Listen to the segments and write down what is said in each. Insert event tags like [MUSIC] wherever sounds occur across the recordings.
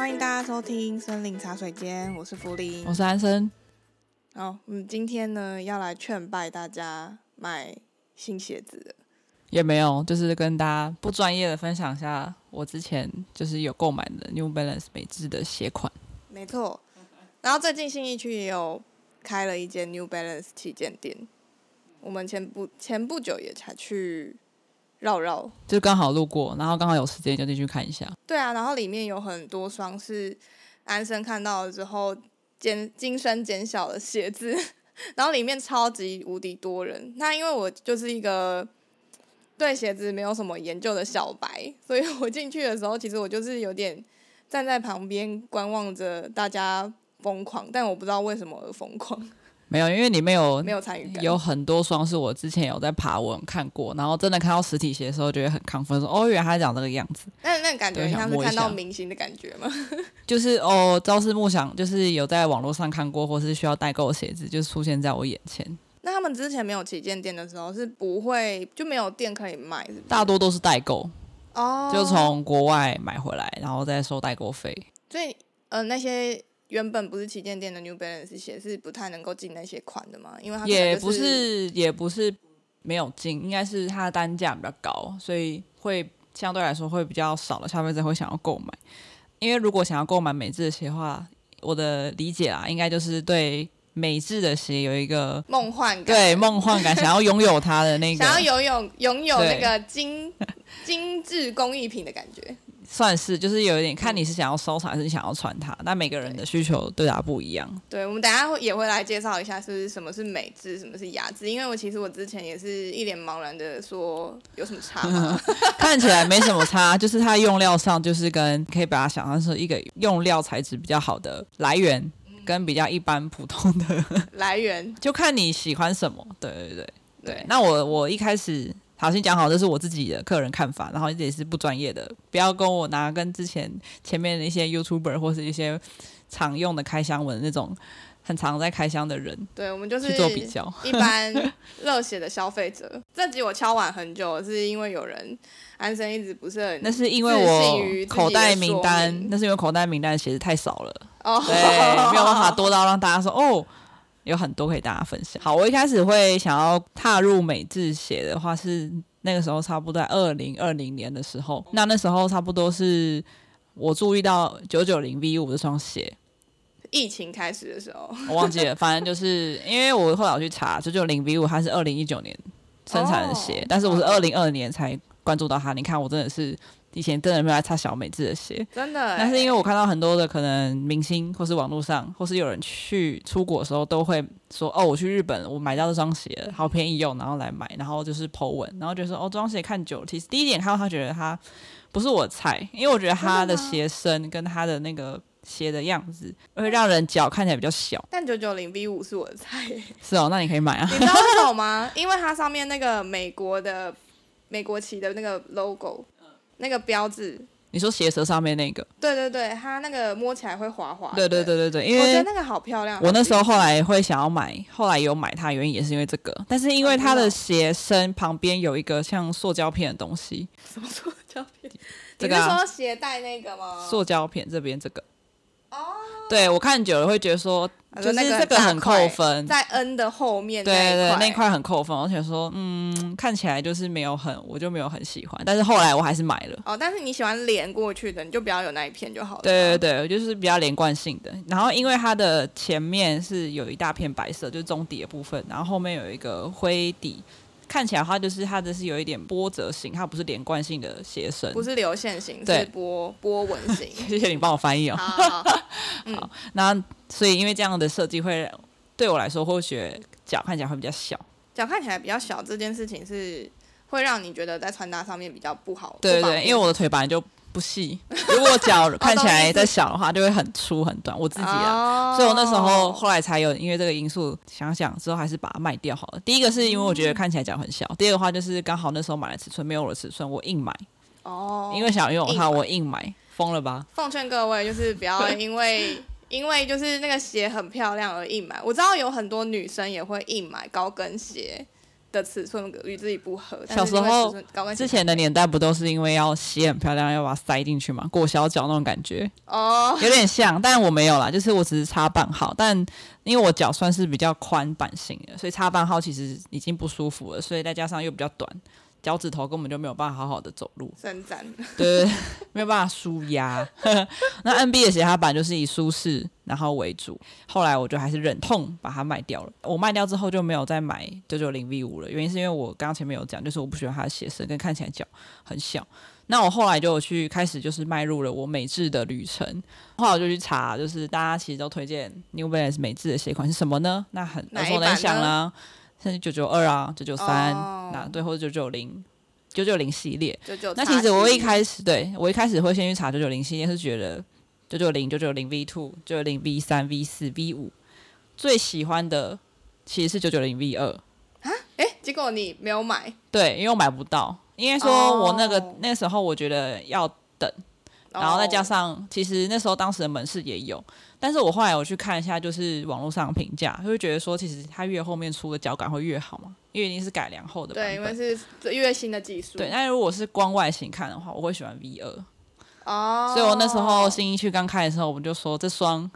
歡迎大家收聽《森林茶水間》，我是福林，我是安森。好，嗯，今天呢要來勸敗大家買新鞋子。也沒有，就是跟大家不專業的分享一下，我之前就是有購買的 New Balance 美製的鞋款。沒錯，然後最近信義區也有開了一間 New Balance 旗艦店，我們前不前不久也才去。繞繞就剛好路過，然後剛好有時間就進去看一下。對啊，然後裡面有很多雙是安森看到了之後減驚聲尖叫的鞋子，然後裡面超級無敵多人。那因為我就是一個對鞋子沒有什麼研究的小白，所以我進去的時候其實我就是有點站在旁邊觀望着大家瘋狂，但我不知道為什麼而瘋狂。沒有，因為你沒有沒有參與，有很多雙是我之前有在爬文看過，然後真的看到實體鞋的時候，覺得很亢奮，說哦，原來它長這個樣子。那那感覺像是看到明星的感覺嗎？ [LAUGHS] 就是哦，朝思暮想，就是有在網絡上看過，或是需要代購的鞋子，就出現在我眼前。那他們之前沒有旗艦店的時候，是不會就沒有店可以買？是是，大多都是代購哦，就從國外買回來，然後再收代購費。所以呃，那些。原本不是旗艦店的 New Balance 鞋是不太能夠進那些款的嘛，因為它也不是，也不是沒有進，應該是它的單價比較高，所以會相對來說會比較少的消費者會想要購買。因為如果想要購買美制的鞋的話，我的理解啊，應該就是對美制的鞋有一個夢幻感，對，夢幻感，想要擁有它的那個， [LAUGHS] 想要擁有擁有那個金精精致工藝品的感覺。算是，就是有一點看你是想要收藏還是想要穿它，那、嗯、每個人的需求對它不一樣。對，對我們等下也會來介紹一下是，是什麼是美製，什麼是亞製，因為我其實我之前也是一臉茫然的說有什麼差呵呵 [LAUGHS] 看起來沒什麼差， [LAUGHS] 就是它用料上就是跟可以把它想象成一個用料材質比較好的來源、嗯，跟比較一般普通的來源， [LAUGHS] 就看你喜歡什麼。對對對對，對對那我我一開始。好，先講好，這是我自己的個人看法，然後也是不專業的，不要跟我拿跟之前前面的一些 YouTuber 或是一些常用的開箱文那種，很常在開箱的人。對，我們就是做比較，一般熱血的消費者。 [LAUGHS] 這集我敲碗很久了，是因為有人安森一直不是很，那是因為我口袋名單，那是因為口袋名單的鞋子太少了，oh、對， [LAUGHS] 沒有辦法多到讓大家說哦。有很多可以跟大家分享。好，我一開始會想要踏入美制鞋的話，是那個時候差不多在二零二零年的時候。那那時候差不多是我注意到九九零 V 五這雙鞋，疫情開始的時候， [LAUGHS] 我忘記了。反正就是因為我後來我去查九九零 V 五，它是二零一九年生產的鞋，oh. 但是我是二零二零年才關注到它。你看，我真的是。以前真的沒有擦小美製的鞋，真的、欸。但是因為我看到很多的可能明星，或是網絡上，或是有人去出國的時候，都會說：“哦，我去日本，我買到這雙鞋，好便宜用，然後來買，然後就是 PO 文，然後就說哦，這雙鞋看久了，其實第一眼看到他覺得他不是我的菜，因為我覺得他的鞋身跟他的那個鞋的樣子，會讓人腳看起來比較小。但九九零 V 五是我的菜，是哦，那你可以買啊。你知道為什麼嗎？ [LAUGHS] 因為它上面那個美國的美國旗的那個 logo。那個標誌，你說鞋舌上面那個？對對對，它那個摸起來會滑滑。對對對對對，因為我覺得那個好漂亮。我那時候後來會想要買，後來有買它，原因也是因為這個。但是因為它的鞋身旁邊有一個像塑膠片的東西。什麼塑膠片？這個、啊、你是說鞋帶那個嗎？塑膠片這邊這個。哦、Oh。對，我看久了會覺得說，就是這個很扣分，那個、在 N 的後面。對，對對，那塊很扣分，而且說嗯。看起來就是沒有很，我就沒有很喜歡。但是後來我還是買了。哦，但是你喜歡連過去的，你就不要有那一片就好了。對對對，就是比較連貫性的。然後因為它的前面是有一大片白色，就是中底的部分，然後後面有一個灰底，看起來的話就是它的是有一點波折型，它不是連貫性的鞋身，不是流線型，是波波紋型。 [LAUGHS] 謝謝你幫我翻譯哦、喔。好，好。那、 [LAUGHS] 嗯、所以因為這樣的設計會對我來說，或許腳看起來會比較小。腳看起來比較小這件事情是會讓你覺得在穿搭上面比較不好。對對對，因為我的腿本來就不細， [LAUGHS] 如果腳看起來再小的話，就會很粗很短。我自己啊、哦，所以我那時候後來才有因為這個因素想想之後還是把它賣掉好了。第一個是因為我覺得看起來腳很小，嗯、第二個的話就是剛好那時候買的尺寸沒有我的尺寸，我硬買。哦。因為想擁有它，硬我硬買，瘋了吧？奉勸各位就是不要因為。 [LAUGHS] 因為就是那個鞋很漂亮而硬買，我知道有很多女生也會硬買高跟鞋的尺寸與自己不合，小時候，之前的年代不都是因為要鞋很漂亮，要把它塞進去嘛，裹小腳那種感覺。哦、oh.，有點像，但我沒有啦，就是我只是差半號，但因為我腳算是比較寬版型的，所以差半號其實已經不舒服了，所以再加上又比較短。腳趾頭根本就沒有辦法好好的走路，伸展，對， [LAUGHS] 沒有辦法舒壓。 [LAUGHS] [LAUGHS] 那 N B 的鞋它版就是以舒適然後為主。後來我就還是忍痛把它賣掉了。我賣掉之後就沒有再買九九零 V 五了，原因是因為我剛剛前面有講，就是我不喜歡它的鞋身跟看起來腳很小。那我後來就有去開始就是邁入了我美制的旅程。後來我就去查，就是大家其實都推薦 New Balance 美制的鞋款是什麼呢？那很，哪一版呢？甚至九九二啊，九九三，那最後是九九零，九九零系列。99XG. 那其實我一開始，對，我一開始會先去查九九零系列，是覺得九九零、九九零 V two、九九零 V 三、V 四、V 五最喜歡的其實是九九零 V 二啊，誒、欸，結果你沒有買，對，因為我買不到，因為說我那個、oh. 那個時候我覺得要等。然後再加上，oh. 其實那時候當時的門市也有，但是我後來我去看一下，就是網絡上的評價，就會覺得說，其實它越後面出的腳感會越好嘛，因為一定是改良後的。對，因為是越新的技術。對，那如果是光外形看的話，我會喜歡 V 二。哦、oh. 所以我那時候新一區剛開的時候，我們就說這雙，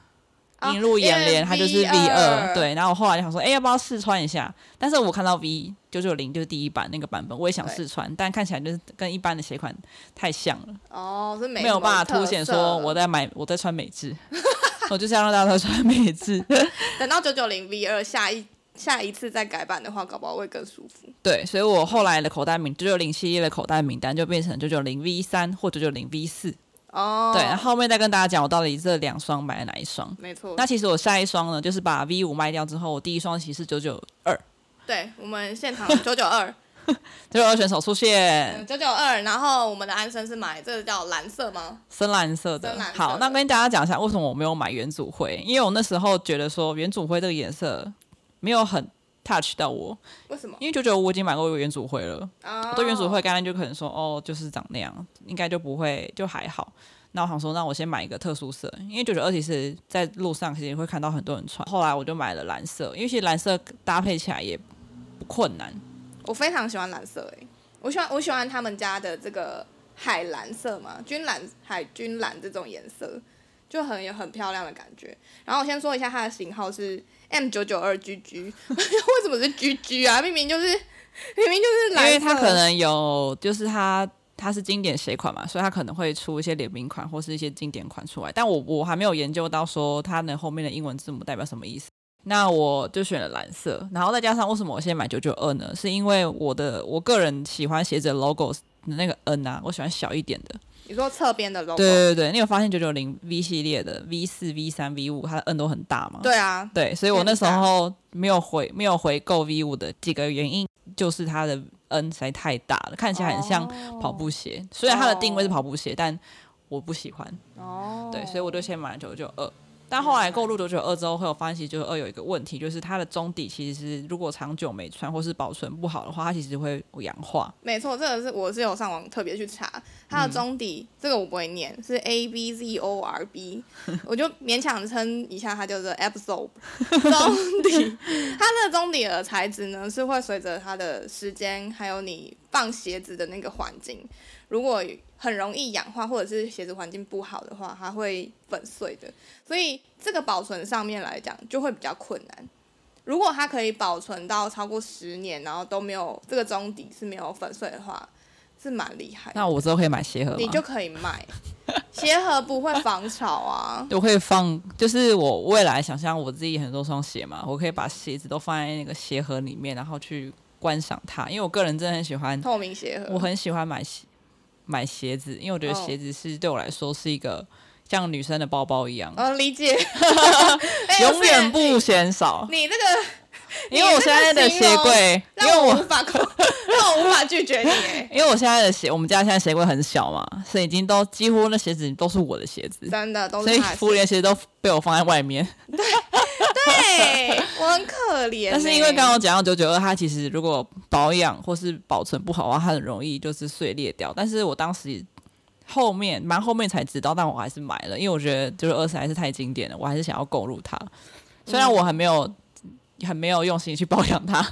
映、oh, 入眼簾，它就是 V 二，對。然後我後來就想說，哎、欸，要不要試穿一下？但是我看到 V 九九零就是第一版那個版本，我也想試穿，但看起來就是跟一般的鞋款太像了，哦、oh,，是沒什麼特色，沒有辦法凸顯說我在買我在穿美制， [LAUGHS] 我就是要讓大家穿美制。 [LAUGHS] 等到九九零 V 二下一下一次再改版的話，搞不好會更舒服。對，所以我後來的口袋名九九零系列的口袋名單就變成九九零 V 三或九九零 V 四。哦、oh,，對，後，後面再跟大家講我到底這兩雙買了哪一雙。沒錯，那其實我下一雙呢，就是把 V 五賣掉之後，我第一雙其實是九九二。對，我們現場九九二，九九二選手出現，九九二。然後我們的安森是買這個叫藍色嗎？深藍色？深藍色的。好，那跟大家講一下，為什麼我沒有買元祖灰？因為我那時候覺得說元祖灰這個顏色沒有很。touch 到我，為什麼？因為九九五我已經買過一元祖灰了，我、oh、對元祖灰剛剛就可能說，哦，就是長那樣，應該就不會，就還好。那我想說，那我先買一個特殊色，因為九九二其實在路上其實會看到很多人穿。後來我就買了藍色，因為其實藍色搭配起來也不困難。我非常喜歡藍色誒、欸，我喜歡我喜歡他們家的這個海藍色嘛，軍藍海軍藍這種顏色就很有很漂亮的感覺。然後我先說一下它的型號是。M 九九二 G G，為什麼是 G G 啊？明明就是，明明就是藍色。因為他可能有，就是他他是經典鞋款嘛，所以他可能會出一些聯名款或是一些經典款出來。但我我還沒有研究到說它的後面的英文字母代表什麼意思。那我就選了藍色，然後再加上為什麼我現在買九九二呢？是因為我的我個人喜歡鞋子的 logo 的那個 N 啊，我喜歡小一點的。你說側邊的 logo，對對對，你有發現九九零 V 系列的 V 四、V 三、V 五它的 N 都很大嗎？對啊，對，所以我那時候沒有回沒有回購 V 五的幾個原因，就是它的 N 實在太大了，看起來很像跑步鞋。雖然它的定位是跑步鞋，但我不喜歡。哦，對，所以我就先買了九九二。但後來購入九九二之後，會有發現就是二有一個問題，就是它的中底其實如果長久沒穿或是保存不好的話，它其實會氧化。沒錯，這個是我是有上網特別去查，它的中底、嗯、這個我不會念，是 A B Z O R B， [LAUGHS] 我就勉強稱一下，它叫做 Absorb 中底。 [LAUGHS] 它的中底的材質呢，是會隨着它的時間，還有你放鞋子的那個環境，如果很容易氧化，或者是鞋子環境不好的話，它會粉碎的。所以這個保存上面來講就會比較困難。如果它可以保存到超過十年，然後都沒有這個中底是沒有粉碎的話，是蠻厲害的。那我之後可以買鞋盒，你就可以買 [LAUGHS] 鞋盒不會防潮啊。就會放，就是我未來想象我自己很多雙鞋嘛，我可以把鞋子都放在那個鞋盒裡面，然後去觀賞它。因為我個人真的很喜歡透明鞋盒，我很喜歡買鞋。買鞋子，因為我覺得鞋子是，oh. 對我來說是一個像女生的包包一樣。哦、uh,，理解。 [LAUGHS] 永遠不嫌少。 [LAUGHS] 你那，這個，因為我現在的鞋櫃，因 [LAUGHS] 為我無法，讓我無法拒絕你。因為我現在的鞋，我們家現在鞋櫃很小嘛，所以已經都幾乎那鞋子都是我的鞋子，真的都是是所以，福林鞋子都被我放在外面。 [LAUGHS] 對。對，我很可憐。但是因為剛剛我講到九九二，它其實如果保養或是保存不好的話，它很容易就是碎裂掉，但是我當時後面蠻後面才知道，但我還是買了，因為我覺得就是二十還是太經典了，我還是想要購入它，嗯。雖然我還沒有很沒有用心去保養它，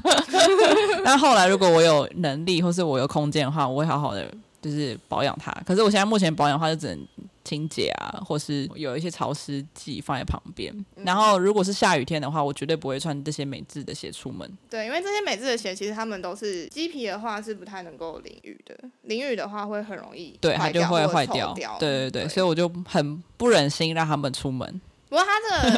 但後來如果我有能力或是我有空間的話，我會好好的就是保養它。可是我現在目前保養的話，就只能。清潔啊，或是有一些潮濕劑放在旁邊、嗯。然後，如果是下雨天的話，我絕對不會穿這些美製的鞋出門。對，因為這些美製的鞋，其實他們都是麂皮的話是不太能夠淋雨的，淋雨的話會很容易對，它就會壞掉、臭掉。對對，對，對。所以我就很不忍心讓他們出門。不過它這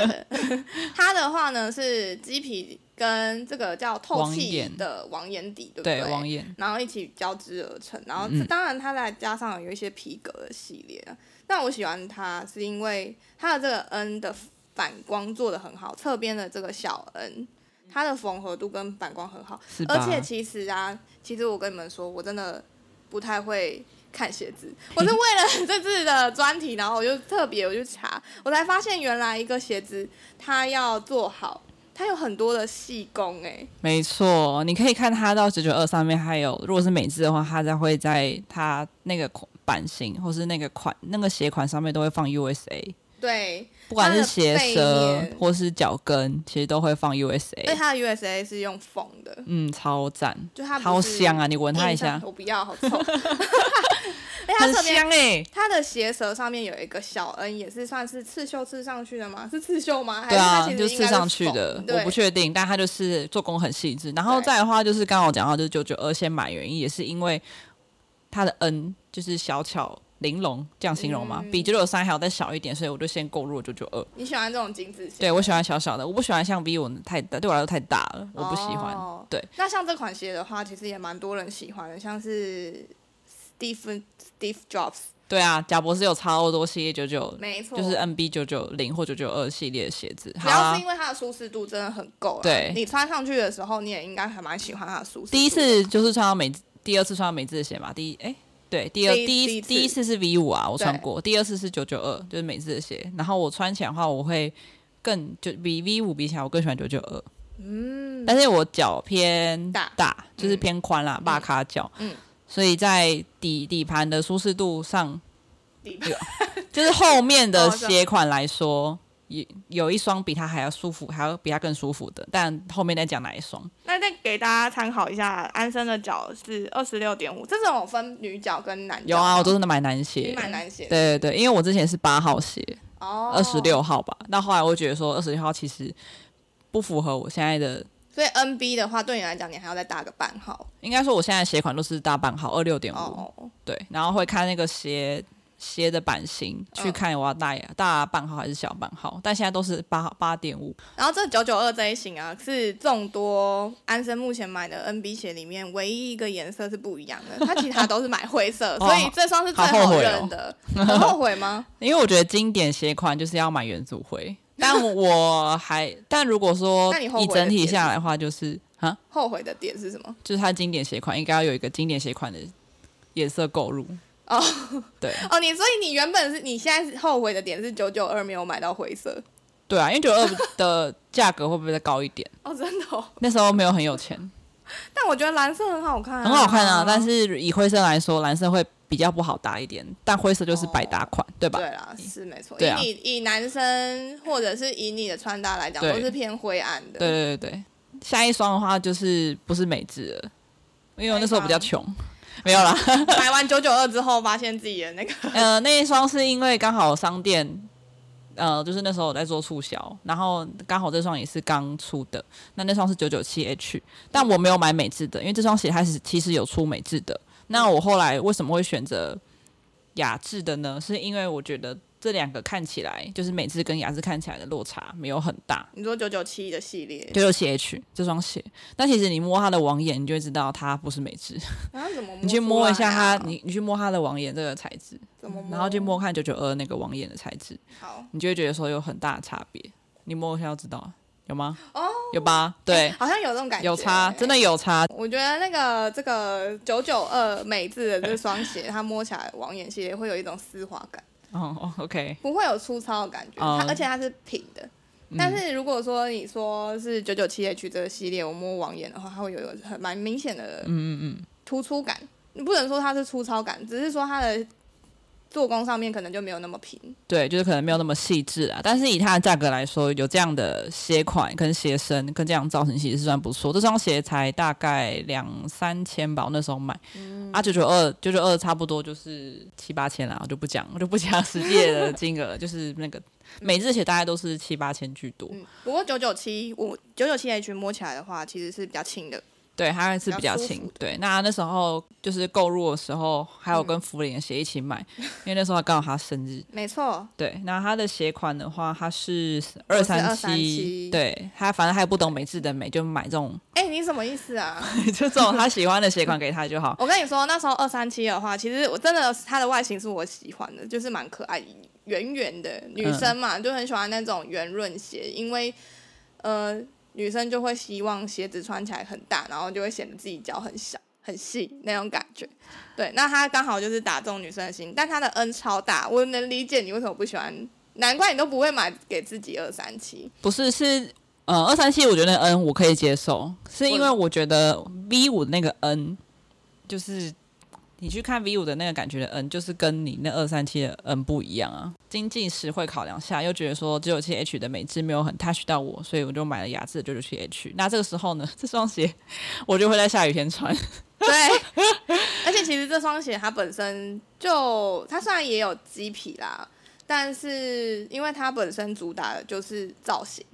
個它 [LAUGHS] 的話呢，是麂皮跟這個叫透氣的網眼底網眼，對不對？網眼，然後一起交織而成。然後，當然它再加上有一些皮革的系列。嗯但我喜歡它，是因為它的這個 N 的反光做得很好，側邊的這個小 N，它的縫合度跟反光很好。而且其實啊，其實我跟你們說，我真的不太會看鞋子。我是為了這次的專題， [LAUGHS] 然後我就特別我就查，我才發現原來一個鞋子它要做好，它有很多的細工哎、欸。沒錯，你可以看它到九九二上面，還有如果是美制的話，它才會在它那個孔。版型或是那個款那個鞋款上面都會放 USA，對，不管是鞋舌或是腳跟，其實都會放 USA。那它的 USA 是用縫的，嗯，超贊，就它好香啊！你聞它一下，嗯、我不要，好臭， [LAUGHS] [LAUGHS] 它很香哎、欸！它的鞋舌上面有一個小 N，也是算是刺繡刺上去的嗎？是刺繡嗎？對啊，還是是就刺上去的，我不確定，但它就是做工很細緻。然後再的話，就是剛剛我講到，就是九九二先買原因，也是因為。它的 N 就是小巧玲瓏，這樣形容嘛、嗯。比九九三還要再小一點，所以我就先購入了九九二。你喜歡這種精致型？對，我喜歡小小的，我不喜歡像 B，我太大對我來說太大了，我不喜歡、哦。對，那像這款鞋的話，其實也蠻多人喜歡的，像是 Steve Steve Jobs。對啊，賈伯斯有超多系列九九，沒錯，就是 NB 九九零或九九二系列的鞋子，主、啊、要是因為它的舒適度真的很夠、啊。對，你穿上去的時候，你也應該還蠻喜歡它的舒適。第一次就是穿到每第二次穿美製的鞋嘛，第一哎、欸，對，第二第一第一，第一次是 V 五啊，我穿過，第二次是九九二，就是美製的鞋。然後我穿起來的話，我會更就比 V 五比起來，我更喜歡九九二。嗯，但是我腳偏大，大，就是偏寬啦，巴、嗯、卡腳。嗯，所以在底底盤的舒適度上，這個、 [LAUGHS] 就是後面的鞋款來說。哦有有一雙比它還要舒服，還要比它更舒服的，但後面再講哪一雙？那再給大家參考一下，安森的腳是二十六點五。這種分女腳跟男腳。有啊，我都是買男鞋。買男鞋。對對對，因為我之前是八號鞋，哦，二十六號吧。那後來我覺得說二十六號其實不符合我現在的。所以 NB 的話，對你來講，你還要再大個半號。應該說，我現在的鞋款都是大半號，二六點五。對，然後會看那個鞋。鞋的版型去看我要大、嗯、大半號還是小半號，但現在都是八八點五。然後這九九二這一型啊，是眾多安森目前買的 N B 鞋裡面唯一一個顏色是不一樣的，它其他都是買灰色， [LAUGHS] 所以這雙是最好認的。哦好後悔哦、 [LAUGHS] 很後悔嗎？因為我覺得經典鞋款就是要買元祖灰，但我還但如果說你整體下來的話，就是啊，後悔的點是什麼？就是它經典鞋款應該要有一個經典鞋款的顏色購入。哦、oh，對，哦、oh，你所以你原本是你現在是後悔的點是九九二沒有買到灰色，對啊，因為九二的價格會不會再高一點？哦、 [LAUGHS] oh，真的、喔、那時候沒有很有錢， [LAUGHS] 但我覺得藍色很好看、啊，很好看啊，啊。但是以灰色來說，藍色會比較不好搭一點，但灰色就是百搭款、哦，對吧？對啦、啊，是沒錯、啊。以你以男生或者是以你的穿搭來講，都是偏灰暗的。對對對對，下一雙的話就是不是美製了，因為我那時候比較窮。哎沒有啦，買完九九二之後，發現自己的那個…… [LAUGHS] 呃，那一雙是因為剛好商店，呃，就是那時候我在做促銷，然後剛好這雙也是剛出的。那那雙是九九七 H，但我沒有買美製的，因為這雙鞋它是其實有出美製的。那我後來為什麼會選擇亞製的呢？是因為我覺得。這兩個看起來就是美製跟亞製看起來的落差沒有很大。你說九九七的系列，九九七 H 這雙鞋，但其實你摸它的網眼，你就會知道它不是美製、啊。怎麼摸、啊？你去摸一下它，你你去摸它的網眼這個材質，然後去摸看九九二那個網眼的材質，好，你就會覺得說有很大的差別。你摸一下就知道了，有嗎？哦、oh,，有吧？對、欸，好像有這種感覺，有差，真的有差。我覺得那個這個九九二美製的這雙鞋， [LAUGHS] 它摸起來網眼系列會有一種絲滑感。哦、oh,，OK，不會有粗糙的感覺，它、oh, 而且它是平的、嗯。但是如果說你說是九九七 H 這個系列，我摸網眼的話，它會有很蠻明顯的，突出感。嗯嗯嗯。你不能說它是粗糙感，只是說它的，做工上面可能就沒有那麼平。對，就是可能沒有那麼細緻啊。但是以它的價格來說，有這樣的鞋款跟鞋身跟這樣造型其實是算不錯。這雙鞋才大概兩三千吧，我那時候買，嗯、啊九九二九九二差不多就是七八千啊，我就不講我就不講實際的金額， [LAUGHS] 就是那個每只鞋大概都是七八千居多。嗯、不過九九七我九九七 H 摸起來的話，其實是比較輕的。對，還有一次比較輕。對，那他那時候就是購入的時候，還有跟福林的鞋一起買，嗯、因為那時候剛好他生日。沒錯。對，那他的鞋款的話，他是二三七。對，他反正還不懂美製的美，就買這種。哎、欸，你什麼意思啊？ [LAUGHS] 就這種他喜歡的鞋款給他就好。 [LAUGHS] 我跟你說，那時候二三七的話，其實我真的他的外形是我喜歡的，就是蠻可愛，圓圓的女生嘛、嗯，就很喜歡那種圓潤鞋，因為呃。女生就會希望鞋子穿起來很大，然後就會顯得自己腳很小，很細那種感覺。對，那它剛好就是打中女生的心，但它的 N 超大，我能理解你為什麼不喜歡，難怪你都不會買給自己二三七。不是，是呃二三七，我覺得 N 我可以接受，是因為我覺得 B 五的那個 N 就是。你去看 V 五的那個感覺的 N，就是跟你那二三七的 N 不一樣啊。經濟實惠考量下，又覺得說九九七 H 的材質沒有很 touch 到我，所以我就買了雅致的九九七 H。那這個時候呢，這雙鞋我就會在下雨天穿。對， [LAUGHS] 而且其實這雙鞋它本身就，它雖然也有麂皮啦，但是因為它本身主打的就是造型。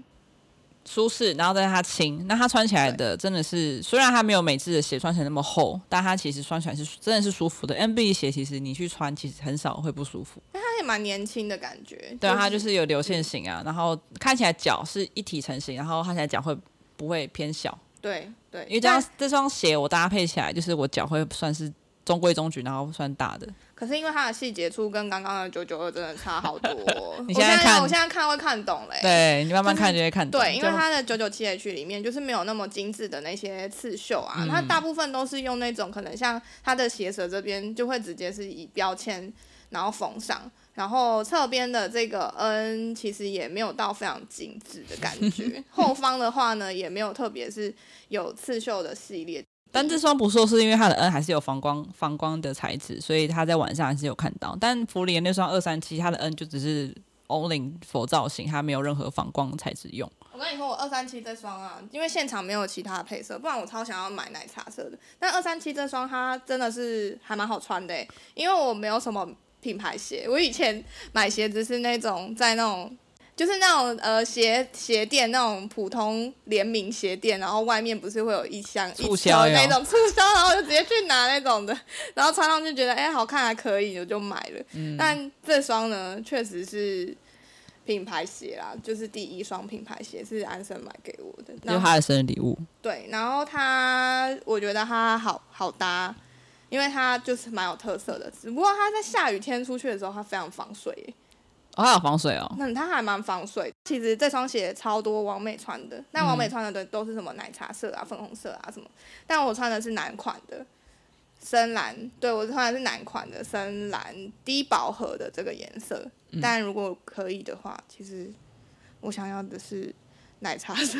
舒適，然後但是它輕，那它穿起來的真的是，雖然它沒有美製的鞋穿起來那麼厚，但它其實穿起來是真的是舒服的。NB 鞋其實你去穿，其實很少會不舒服。但它也蠻年輕的感覺。對啊，它、就是、就是有流線型啊、嗯，然後看起來腳是一體成型，然後看起來腳會不會偏小？對對，因為這樣這雙鞋我搭配起來，就是我腳會算是。中規中矩，然後算大的。可是因為它的細節處跟剛剛的九九二真的差好多，哦。 [LAUGHS] 你現在看，我現在，我現在看會看懂嘞，欸。對，你慢慢看就會看懂。就是、對，因為它的九九七 H 裡面就是沒有那麼精致的那些刺繡啊，嗯、它大部分都是用那種可能像它的鞋舌這邊就會直接是以標籤然後縫上，然後側邊的這個 N 其實也沒有到非常精致的感覺。 [LAUGHS] 後方的話呢，也沒有特別是有刺繡的系列。但這雙不錯，是因為它的 N 還是有反光反光的材質，所以它在晚上還是有看到。但福林的那雙二三七，它的 N 就只是 Only for 造型，它沒有任何反光材質用。我跟你說，我二三七這雙啊，因為現場沒有其他的配色，不然我超想要買奶茶色的。但二三七這雙它真的是還蠻好穿的、欸，因為我沒有什麼品牌鞋，我以前買鞋子是那種在那種。就是那種呃鞋鞋店，那種普通聯名鞋店，然後外面不是會有一箱促銷那種促銷，然後就直接去拿那種的，然後穿上就覺得哎、欸、好看還可以，我就買了。嗯、但這雙呢確實是品牌鞋啦，就是第一雙品牌鞋是安森買給我的，然後就是他的生日禮物。對，然後它我覺得它好好搭，因為它就是蠻有特色的，只不過它在下雨天出去的時候它非常防水。還、哦、有防水哦，嗯，它還蠻防水。其實這雙鞋超多網美穿的，那網美穿的都都是什麼奶茶色啊、嗯、粉紅色啊什麼。但我穿的是男款的深藍，對，我穿的是男款的深藍低飽和的這個顏色，嗯。但如果可以的話，其實我想要的是奶茶色，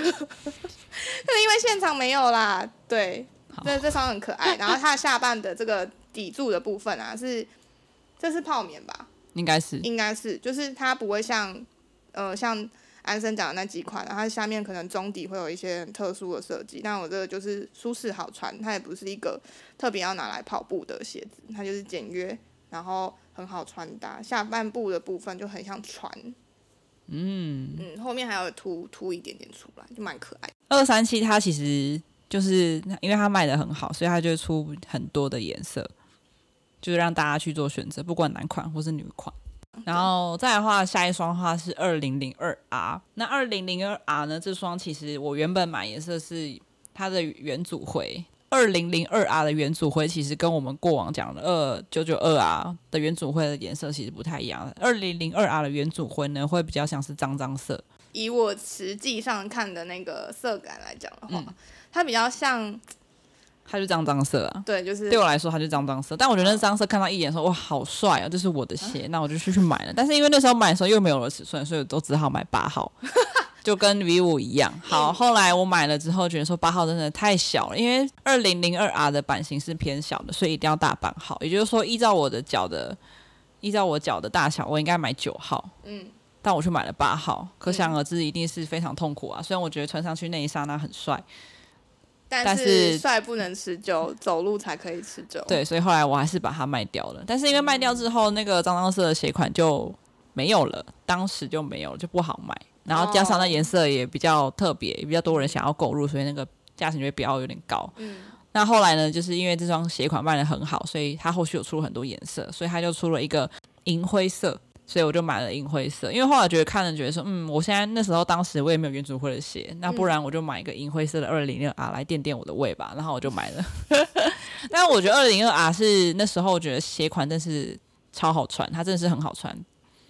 那 [LAUGHS] 因為現場沒有啦。對，那這雙很可愛，然後它的下半的這個底柱的部分啊是，這是泡棉吧？應該是，應該是，就是它不會像，呃，像安森講的那幾款，然後它下面可能中底會有一些很特殊的設計。但我這個就是舒適好穿，它也不是一個特別要拿來跑步的鞋子，它就是簡約，然後很好穿搭。下半部的部分就很像船，嗯嗯，後面還有凸凸一點點出來，就蠻可愛的。二三七它其實就是因為它賣得很好，所以它就出很多的顏色。就是讓大家去做選擇，不管男款或是女款。然後再的話，下一雙的話是二零零二 R。那二零零二 R 呢？這雙其實我原本買顏色是它的元祖灰。二零零二 R 的元祖灰其實跟我們過往講的二九九二 R 的元祖灰的顏色其實不太一樣。二零零二 R 的元祖灰呢，會比較像是臟臟色。以我實際上看的那個色感來講的話，嗯，它比較像。他就這樣髒色啊，對，就是對我來說，他就這樣髒色。但我覺得那髒色看到一眼說，哇，好帥啊，這是我的鞋，啊、那我就出去買了。但是因為那時候買的時候又沒有了尺寸，所以我都只好買八號， [LAUGHS] 就跟 V 五一樣。好、嗯，後來我買了之後，覺得說八號真的太小了，因為二零零二 R 的版型是偏小的，所以一定要大半號。也就是說，依照我的腳的依照我腳的大小，我應該買九號。嗯，但我去買了八號，可想而知，一定是非常痛苦啊、嗯。雖然我覺得穿上去那一剎那很帥。但是帥不能持久，走路才可以持久。對，所以後來我還是把它賣掉了。但是因為賣掉之後，那個髒髒色的鞋款就沒有了，當時就沒有了，就不好買。然後加上那顏色也比較特別，也比較多人想要購入，所以那個價錢就會比較有點高。嗯。那後來呢，就是因為這雙鞋款賣的很好，所以它後續有出了很多顏色，所以它就出了一個銀灰色。所以我就買了銀灰色，因為後來覺得看了覺得說，嗯，我現在那時候當時我也沒有原主會的鞋，那不然我就買一個銀灰色的二零二 R 來墊墊我的胃吧。然後我就買了， [LAUGHS] 但我覺得二零二 R 是那時候我覺得鞋款真的是超好穿，它真的是很好穿，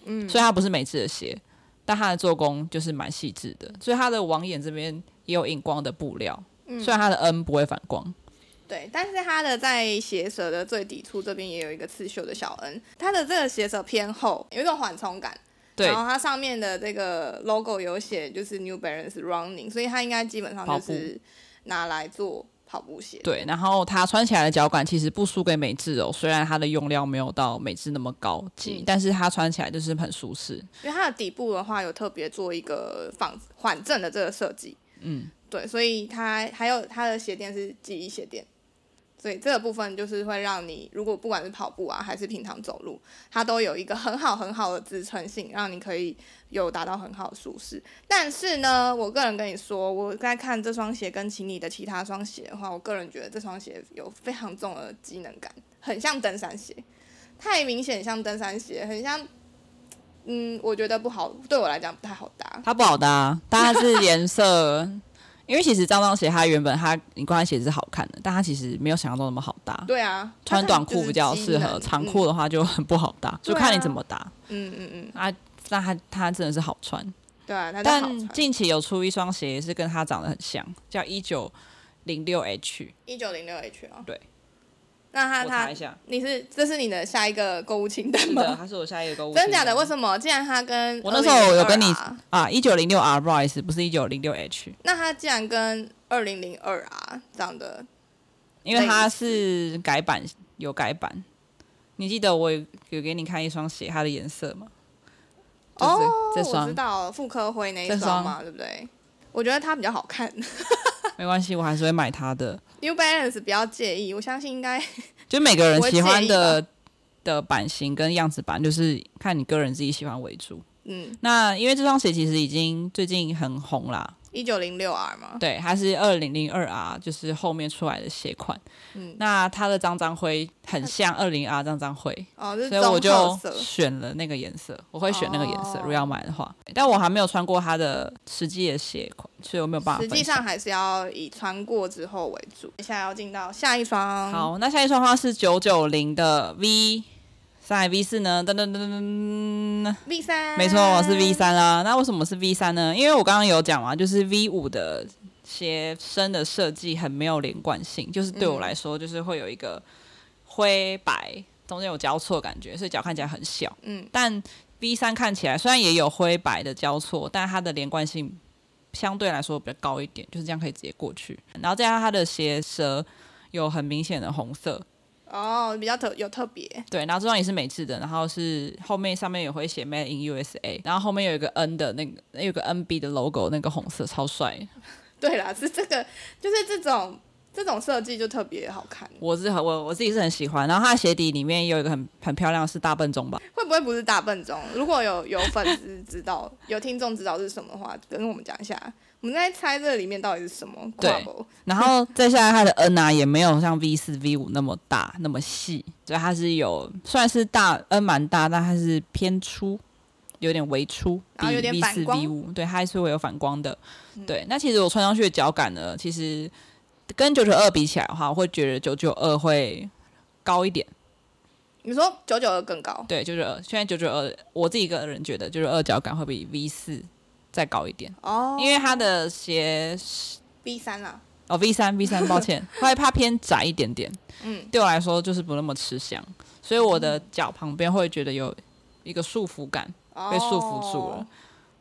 嗯。所以它不是美製的鞋，但它的做工就是蠻細緻的。所以它的網眼這邊也有熒光的布料，雖然它的 N 不會反光。對，但是它的在鞋舌的最底處這邊也有一個刺繡的小 N，它的這個鞋舌偏厚，有一種緩衝感。對，然後它上面的這個 logo 有寫就是 New Balance Running，所以它應該基本上就是拿來做跑步鞋。對，然後它穿起來的腳感其實不輸給美製哦，雖然它的用料沒有到美製那麼高級，嗯，但是它穿起來就是很舒適，因為它的底部的話有特別做一個防緩震的這個設計。嗯，對，所以它還有它的鞋墊是記憶鞋墊。所以這個部分就是會讓你，如果不管是跑步啊，還是平常走路，它都有一個很好很好的支撐性，讓你可以有達到很好的舒適。但是呢，我個人跟你說，我在看這雙鞋跟群裡的其他雙鞋的話，我個人覺得這雙鞋有非常重的機能感，很像登山鞋，太明顯像登山鞋，很像。嗯，我覺得不好，對我來講不太好搭。它不好搭，搭是顏色。 [LAUGHS] 因為其實髒髒鞋它原本它，你光看鞋子是好看的，但它其實沒有想象中那麼好搭。對啊，穿短褲比較適合，長褲的話就很不好搭，啊，就看你怎麼搭。嗯嗯嗯。啊，那它它真的是好穿。對啊，但它好穿。但近期有出一雙鞋也是跟它長得很像，叫一九零六 H。一九零六 H 啊。對。那他他，你是這是你的下一個購物清單嗎？他是,是我下一個購物清單。真的假的？為什麼？既然他跟 2002R, 我那時候我有跟你啊，一九零六 R Rise 不是一九零六 H？那他既然跟二零零二 R 啊這樣的，因為他是改版有改版。你記得我有給你看一雙鞋，它的顏色嗎？就是、哦，這雙我知道、哦，復刻灰那一雙嘛，對不對？我覺得它比較好看，沒關係，我還是會買它的。 [LAUGHS] New Balance 不要介意，我相信應該就每個人喜歡的的版型跟樣子版，就是看你個人自己喜歡為主。嗯，那因為這雙鞋其實已經最近很紅啦。一九零六 R 嗎？對，它是二零零二 R，就是後面出來的鞋款。嗯，那它的髒髒灰很像二零 R 髒髒灰哦，所以我就選了那個顏色。我會選那個顏色，哦，如果要買的話，但我還沒有穿過它的實際的鞋款，所以我沒有辦法。實際上還是要以穿過之後為主。接下來要進到下一雙。好，那下一雙的話是九九零的 V。在 V 四呢？噔噔噔噔噔。V 三。沒錯，我是 V 三啦。那為什麼是 V 三呢？因為我剛剛有講嘛，就是 V 五的鞋身的設計很沒有連貫性，就是對我來說，就是會有一個灰白中間有交錯的感覺，所以腳看起來很小。嗯。但 V 三看起來雖然也有灰白的交錯，但它的連貫性相對來說比較高一點，就是這樣可以直接過去。然後再加上它的鞋舌有很明顯的紅色。哦，比較特有特別。對，然後這雙也是美製的，然後是後面上面也會寫 Made in USA，然後後面有一個 N 的那個，有個 NB 的 logo，那個紅色超帥。對啦，是這個，就是這種這種設計就特別好看。我是很我我自己是很喜歡，然後它的鞋底裡面有一個很很漂亮是大笨鐘吧？會不會不是大笨鐘？如果有有粉絲知道， [LAUGHS] 有聽眾知道是什麼的話，跟我們講一下。我們在猜這裡面到底是什麼？對，然後再下來它的 N 啊，也沒有像 V 四、V 五那麼大、那麼細，所以它是有雖然是大 N 蠻大，但它是偏粗，有點微粗，比 V 四、V 五，然後有點反光。對，它還是會有反光的。嗯、對，那其實我穿上去的腳感呢，其實跟九九二比起來的話，我會覺得九九二會高一點。你說九九二更高？對，九九二。現在九九二，我自己個人覺得九九二腳感會比 V 四。再高一點哦，oh. 因為它的鞋是 V3 了哦 V3 V3，啊 oh, V3, V3, 抱歉，會 [LAUGHS] 怕偏窄一點點。嗯， [LAUGHS] 對我來說就是不那麼吃香，所以我的腳旁邊會覺得有一個束縛感，oh. 被束縛住了，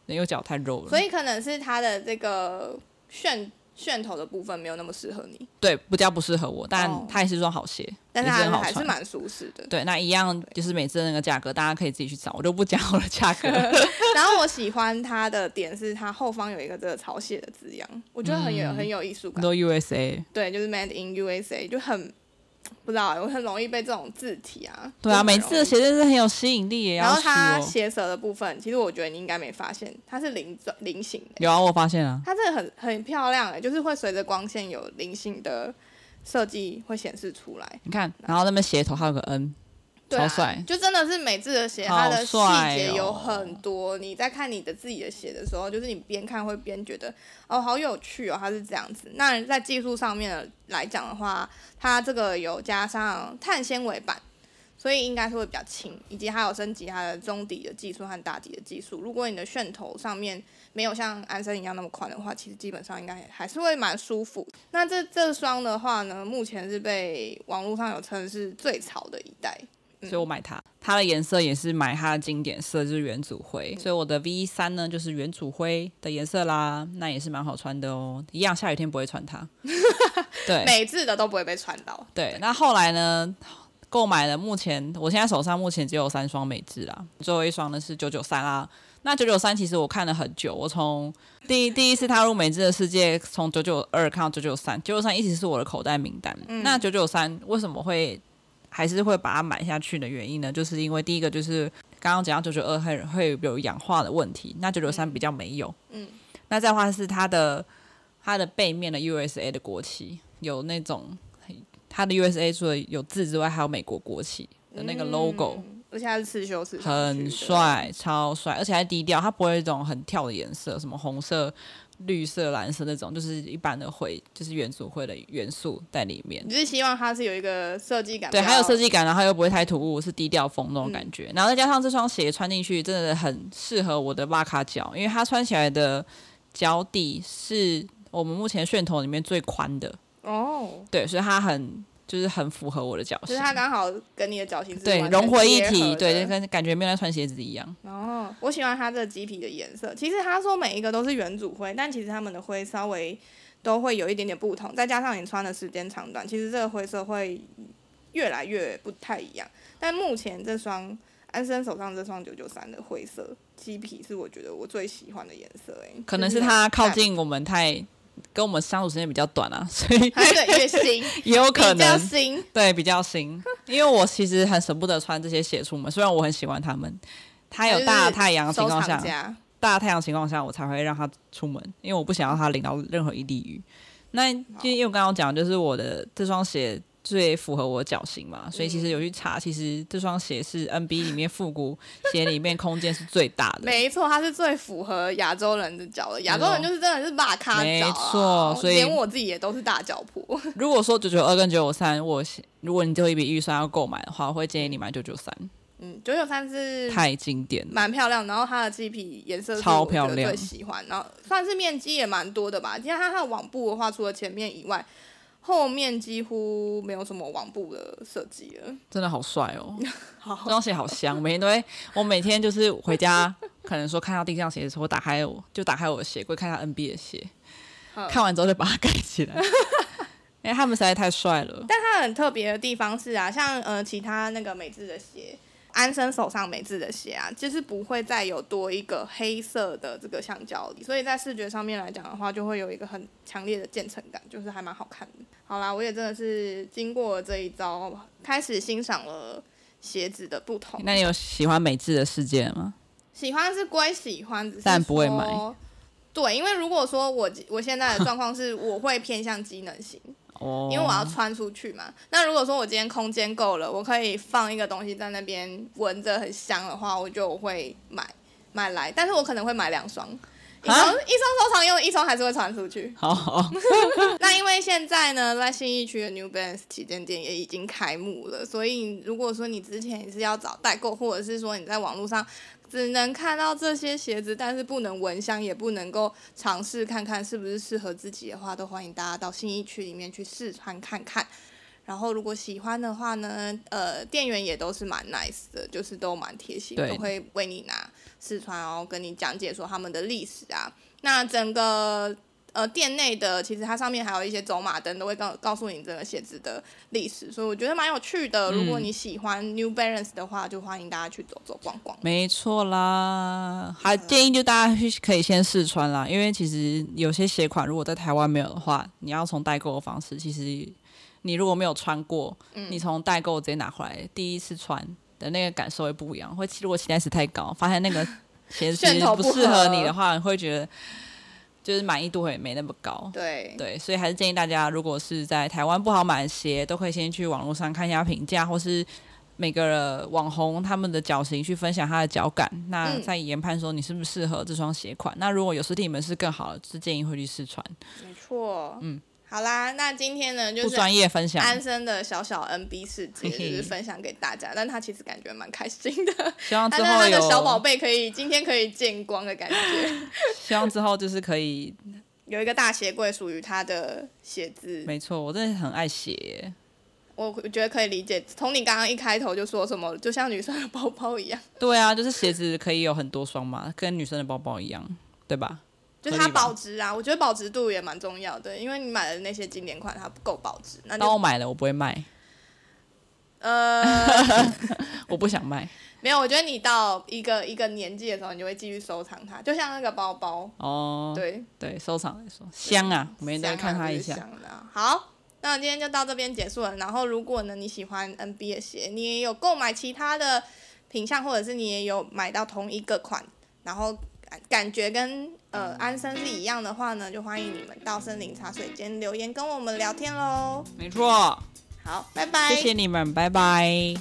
因為腳太肉了，所以可能是它的這個楦。楦頭的部分沒有那麼適合你，對，比較不適合我，但它也是雙好鞋，哦、但它還是蠻舒適的。對，那一樣就是每次的那個價格，大家可以自己去找，我就不講我的價格。 [LAUGHS] [LAUGHS] 然後我喜歡它的點是，它後方有一個這個潮鞋的字樣，我覺得很有、嗯、很有藝術感，都 USA，對，就是 Made in USA，就很。不知道，我很容易被這種字體啊。對啊，每次的鞋子是很有吸引力，也要然後它鞋舌的部分，其實我覺得你應該沒發現，它是菱狀、菱形的。有啊，我發現了，啊。它這個很很漂亮誒，就是會隨着光線，有菱形的設計會顯示出來。你看，然後那邊鞋頭還有個 N。對、啊，就真的是美製的鞋，它的細節有很多、哦。你在看你的自己的鞋的時候，就是你邊看會邊覺得，哦，好有趣哦，它是這樣子。那在技術上面來講的話，它這個有加上碳纖維板，所以應該是會比較輕，以及它有升級它的中底的技術和大底的技術。如果你的楦頭上面沒有像安森一樣那麼寬的話，其實基本上應該還是會蠻舒服。那這這雙的話呢，目前是被網絡上有稱是最潮的一代。所以我買它，它的顏色也是買它的經典色，就是元祖灰。嗯、所以我的 V 三呢，就是元祖灰的顏色啦，那也是蠻好穿的哦。一樣，下雨天不會穿它。 [LAUGHS] 對，美製的都不會被穿到。對，那後來呢，購買了。目前我現在手上目前只有三雙美製啦，最後一雙呢是九九三啦。那九九三其實我看了很久，我從第第一次踏入美製的世界，從九九二看到九九三，九九三一直是我的口袋名單。嗯、那九九三為什麼會？還是會把它買下去的原因呢？就是因為第一個就是剛剛講到九九二會會有氧化的問題，那九九三比較沒有。嗯，嗯那再話是它的它的背面的 USA 的國旗有那種它的 USA 除了有字之外，還有美國國旗的那個 logo，嗯、而且它是刺繡刺，刺繡的，很帥，超帥，而且還低調，它不會有一種很跳的顏色，什麼紅色。綠色、藍色那種，就是一般的灰，就是元祖灰的元素在裡面。你是希望它是有一個設計感？對，它有設計感，然後又不會太突兀，是低調風那種感覺、嗯。然後再加上這雙鞋穿進去，真的很適合我的哇卡腳，因為它穿起來的腳底是我們目前楦頭裡面最寬的哦。對，所以它很。就是很符合我的腳型，就是它剛好跟你的腳型是對融為一體，對，跟感覺沒有在穿鞋子一樣。然後、oh, 我喜歡它這個麂皮的顏色。其實他說每一個都是元祖灰，但其實他們的灰稍微都會有一點點不同，再加上你穿的時間長短，其實這個灰色會越來越不太一樣。但目前這雙安森手上這雙九九三的灰色麂皮是我覺得我最喜歡的顏色、欸，誒，可能是它靠近我們太。跟我們相處時間比較短啊，所以對，也新，也有可能比較新，對，比較新。 [LAUGHS] 因為我其實很捨不得穿這些鞋出門，雖然我很喜歡他們。它有大太陽的情況下，大太陽情況下我才會讓它出門，因為我不想要它淋到任何一滴雨。那因為剛剛講，就是我的這雙鞋，最符合我腳型嘛，所以其實有去查，其實這雙鞋是 NB 裡面復古鞋裡面空間是最大的， [LAUGHS] 沒錯，它是最符合亞洲人的腳的，亞洲人就是真的是卡腳，啊，沒錯，所以連我自己也都是大腳婆。如果說九九二跟九九三，我如果你就有一筆預算要購買的話，我會建議你買九九三，嗯，九九三是太經典，蠻漂亮，然後它的麂皮顏色超漂亮，最喜歡，然後算是面積也蠻多的吧，因為它的網布的話，除了前面以外。後面幾乎沒有什麼網布的設計了，真的好帥哦！好， [LAUGHS] 這雙鞋好香，每天都會，我每天就是回家， [LAUGHS] 可能說看到這雙鞋的時候，我打開我就打開我的鞋櫃，看一下 NB 的鞋， [LAUGHS] 看完之後就把它蓋起來， [LAUGHS] 因為他們實在太帥了。 [LAUGHS] 但它很特別的地方是啊，像呃其他那個美製的鞋。安森手上美製的鞋啊，就是不會再有多一個黑色的這個橡膠底。所以在視覺上面來講的話，就會有一個很強烈的漸層感，就是還蠻好看。好啦，我也真的是經過這一招，開始欣賞了鞋子的不同。那你有喜歡美製的世界嗎？喜歡是歸喜歡，但不會買。對，因為如果說我我現在的狀況是， [LAUGHS] 我會偏向機能型。Oh. 因為我要穿出去嘛。那如果說我今天空間夠了，我可以放一個東西在那邊，聞着很香的話，我就會買買來。但是我可能會買兩雙，huh? 一雙一雙收藏用，因為一雙還是會穿出去。好、oh. oh.， [LAUGHS] [LAUGHS] 那因為現在呢，在信義區的 New Balance 旗艦店也已經開幕了，所以如果說你之前也是要找代購，或者是說你在網絡上。只能看到這些鞋子，但是不能聞香，也不能夠嘗試看看是不是適合自己的話，都歡迎大家到信義區裡面去試穿看看。然後如果喜歡的話呢，呃，店員也都是蠻 nice 的，就是都蠻貼心，都會為你拿試穿，然後跟你講解說他們的歷史啊。那整個。呃，店內的其實它上面還有一些走馬燈，都會告告訴你這個鞋子的歷史，所以我覺得蠻有趣的。如果你喜歡 New Balance 的話，嗯、就歡迎大家去走走逛逛。沒錯啦，還、嗯、建議就大家去可以先試穿啦，因為其實有些鞋款如果在台灣沒有的話，你要從代購的方式，其實你如果沒有穿過，嗯、你從代購直接拿回來第一次穿的那個感受會不一樣。會，如果期待值太高，發現那個鞋子其實不適合你的話，嗯、你會覺得，就是滿意度也沒那麼高，對對，所以還是建議大家，如果是在台灣不好買的鞋，都可以先去網絡上看一下評價，或是每個網紅他們的腳型去分享他的腳感，那再研判說你是不是適合這雙鞋款。嗯。那如果有實體，你們是更好的，是建議會去試穿，沒錯，嗯。好啦，那今天呢就是不專業分享安森的小小 NB 世界，分就是、分享給大家。但他其實感覺蠻開心的，希望之後他的小寶貝可以今天可以見光的感覺。希望之後就是可以 [LAUGHS] 有一個大鞋櫃屬於他的鞋子。沒錯，我真的很愛鞋。我覺得可以理解，從你剛剛一開頭就說什麼，就像女生的包包一樣。對啊，就是鞋子可以有很多雙嘛， [LAUGHS] 跟女生的包包一樣，對吧？就是它保值啊，我覺得保值度也蠻重要的，對，因為你買的那些經典款它不夠保值。那我買了，我不會賣。呃， [LAUGHS] [LAUGHS] 我不想賣。沒有，我覺得你到一個一個年紀的時候，你就會繼續收藏它。就像那個包包哦，對對，收藏來說香啊，我們都要看它一下。啊就是啊、好，那我今天就到這邊結束了。然後，如果呢你喜歡 NB 的鞋，你也有購買其他的品相，或者是你也有買到同一個款，然後感、感覺跟呃，安森是一樣的話呢，就歡迎你們到森林茶水間留言跟我們聊天嘍。沒錯，好，拜拜，謝謝你們，拜拜。